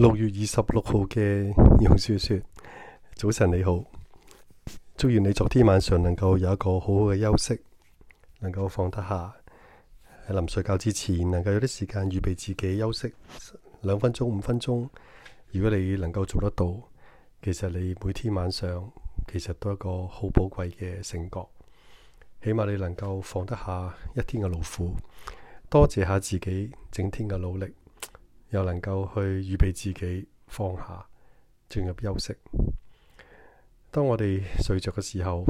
六月二十六號嘅楊少說，早晨你好，祝願你昨天晚上能夠有一個好好嘅休息，能夠放得下，喺臨睡覺之前，能夠有啲時間預備自己休息兩分鐘、五分鐘。如果你能夠做得到，其實你每天晚上其實都係一個好寶貴嘅成果，起碼你能夠放得下一天嘅勞苦，多謝下自己整天嘅努力。又能夠去預備自己放下，進入休息。當我哋睡着嘅時候，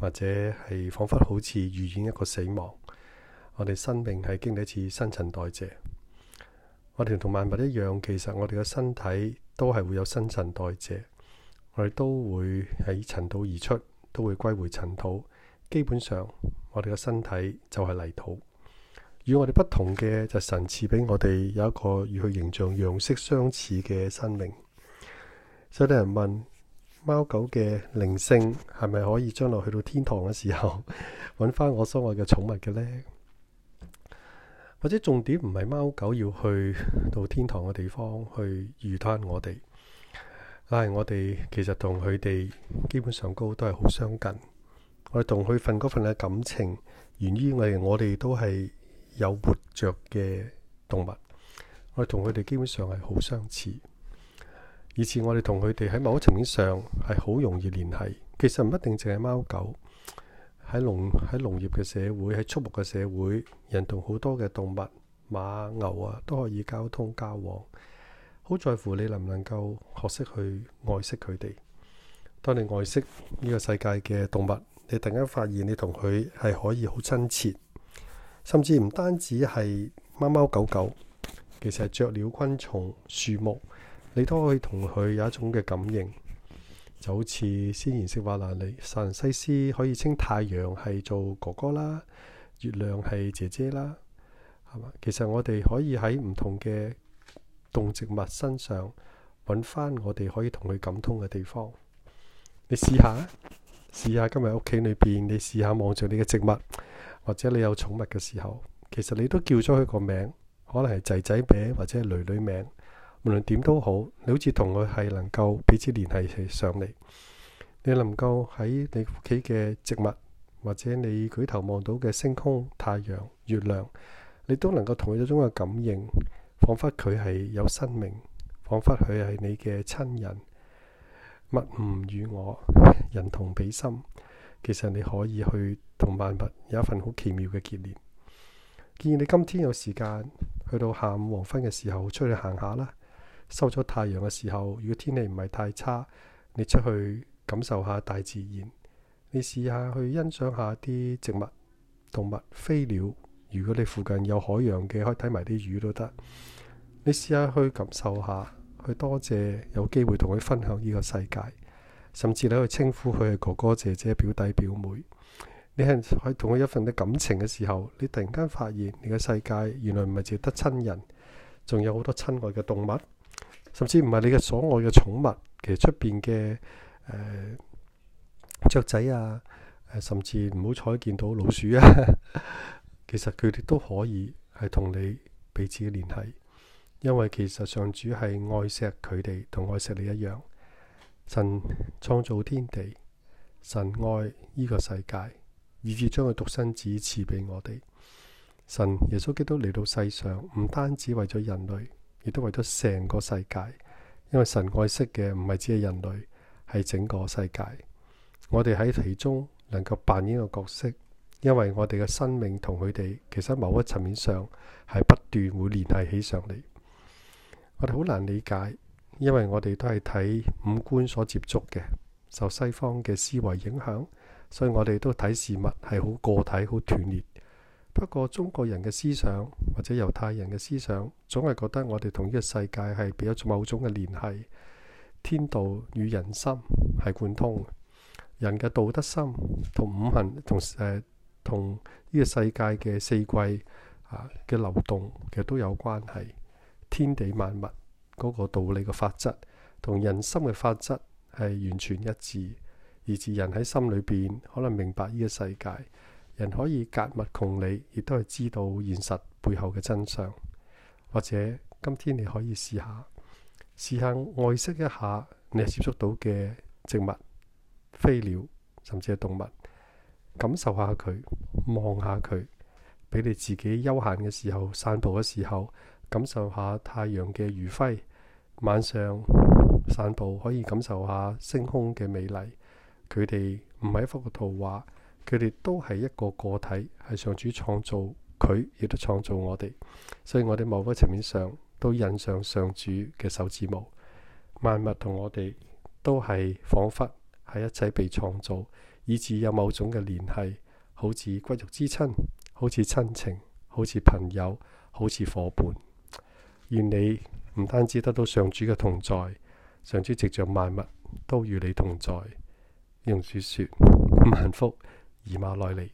或者係彷彿好似預演一個死亡，我哋生命係經歷一次新陳代謝。我哋同萬物一樣，其實我哋嘅身體都係會有新陳代謝，我哋都會喺塵土而出，都會歸回塵土。基本上，我哋嘅身體就係泥土。與我哋不同嘅就是，神賜俾我哋有一個與佢形象、樣式相似嘅生命。所以有人問貓狗嘅靈性係咪可以將來去到天堂嘅時候，揾翻我所愛嘅寵物嘅呢？或者重點唔係貓狗要去到天堂嘅地方去遇他我哋，但、哎、係我哋其實同佢哋基本上高都係好相近。我哋同佢份嗰份嘅感情源於我哋，我哋都係。有活着嘅動物，我哋同佢哋基本上係好相似，而且我哋同佢哋喺某個層面上係好容易聯繫。其實唔一定淨係貓狗，喺農喺農業嘅社會，喺畜牧嘅社會，人同好多嘅動物、馬、牛啊，都可以交通交往。好在乎你能唔能夠學識去愛惜佢哋。當你愛惜呢個世界嘅動物，你突然間發現你同佢係可以好親切。.甚至唔單止係貓貓狗狗，其實係雀鳥、昆蟲、樹木，你都可以同佢有一種嘅感應，就好似先賢聖法蘭尼薩西斯可以稱太陽係做哥哥啦，月亮係姐姐啦，係嘛？其實我哋可以喺唔同嘅動植物身上揾翻我哋可以同佢感通嘅地方，你試下啊！試下今日屋企裏邊，你試下望住你嘅植物。或者你有寵物嘅時候，其實你都叫咗佢個名，可能係仔仔名或者係女女名，無論點都好，你好似同佢係能夠彼此聯繫起上嚟。你能夠喺你屋企嘅植物，或者你舉頭望到嘅星空、太陽、月亮，你都能夠同佢一種嘅感應，仿佛佢係有生命，仿佛佢係你嘅親人。物唔與我，人同比心。其實你可以去同萬物有一份好奇妙嘅結連。建議你今天有時間，去到下午黃昏嘅時候出去行下啦。收咗太陽嘅時候，如果天氣唔係太差，你出去感受下大自然。你試下去欣賞下啲植物、動物、飛鳥。如果你附近有海洋嘅，可以睇埋啲魚都得。你試下去感受下，去多謝有機會同佢分享呢個世界。甚至你去稱呼佢係哥哥姐姐、表弟表妹，你係喺同佢一份嘅感情嘅時候，你突然間發現你嘅世界原來唔係淨係得親人，仲有好多親愛嘅動物，甚至唔係你嘅所愛嘅寵物，其實出邊嘅雀仔啊，呃、甚至唔好彩見到老鼠啊，其實佢哋都可以係同你彼此嘅聯繫，因為其實上主係愛錫佢哋，同愛錫你一樣。神創造天地，神愛呢個世界，以至將佢獨生子賜俾我哋。神耶穌基督嚟到世上，唔單止為咗人類，亦都為咗成個世界。因為神愛惜嘅唔係只係人類，係整個世界。我哋喺其中能夠扮演一個角色，因為我哋嘅生命同佢哋，其實某一層面上係不斷會聯繫起上嚟。我哋好難理解。因為我哋都係睇五官所接觸嘅，受西方嘅思維影響，所以我哋都睇事物係好個體、好斷裂。不過中國人嘅思想或者猶太人嘅思想，總係覺得我哋同呢個世界係有一種某種嘅聯繫，天道與人心係貫通，人嘅道德心同五行同誒同呢個世界嘅四季啊嘅流動其實都有關係，天地萬物。嗰個道理嘅法則同人心嘅法則係完全一致，以至人喺心裏邊可能明白呢個世界，人可以格物窮理，亦都係知道現實背後嘅真相。或者今天你可以試下試下愛惜一下你接觸到嘅植物、飛鳥甚至係動物，感受下佢，望下佢，俾你自己休閒嘅時候、散步嘅時候。感受下太陽嘅餘暉，晚上散步可以感受下星空嘅美麗。佢哋唔係一幅圖畫，佢哋都係一個個體，係上主創造佢，亦都創造我哋。所以我哋某個層面上都印上上主嘅手指模。萬物同我哋都係仿佛係一齊被創造，以至有某種嘅聯繫，好似骨肉之親，好似親情，好似朋友，好似夥伴。願你唔單止得到上主嘅同在，上主藉着萬物都與你同在。用主說：幸福，以馬內利。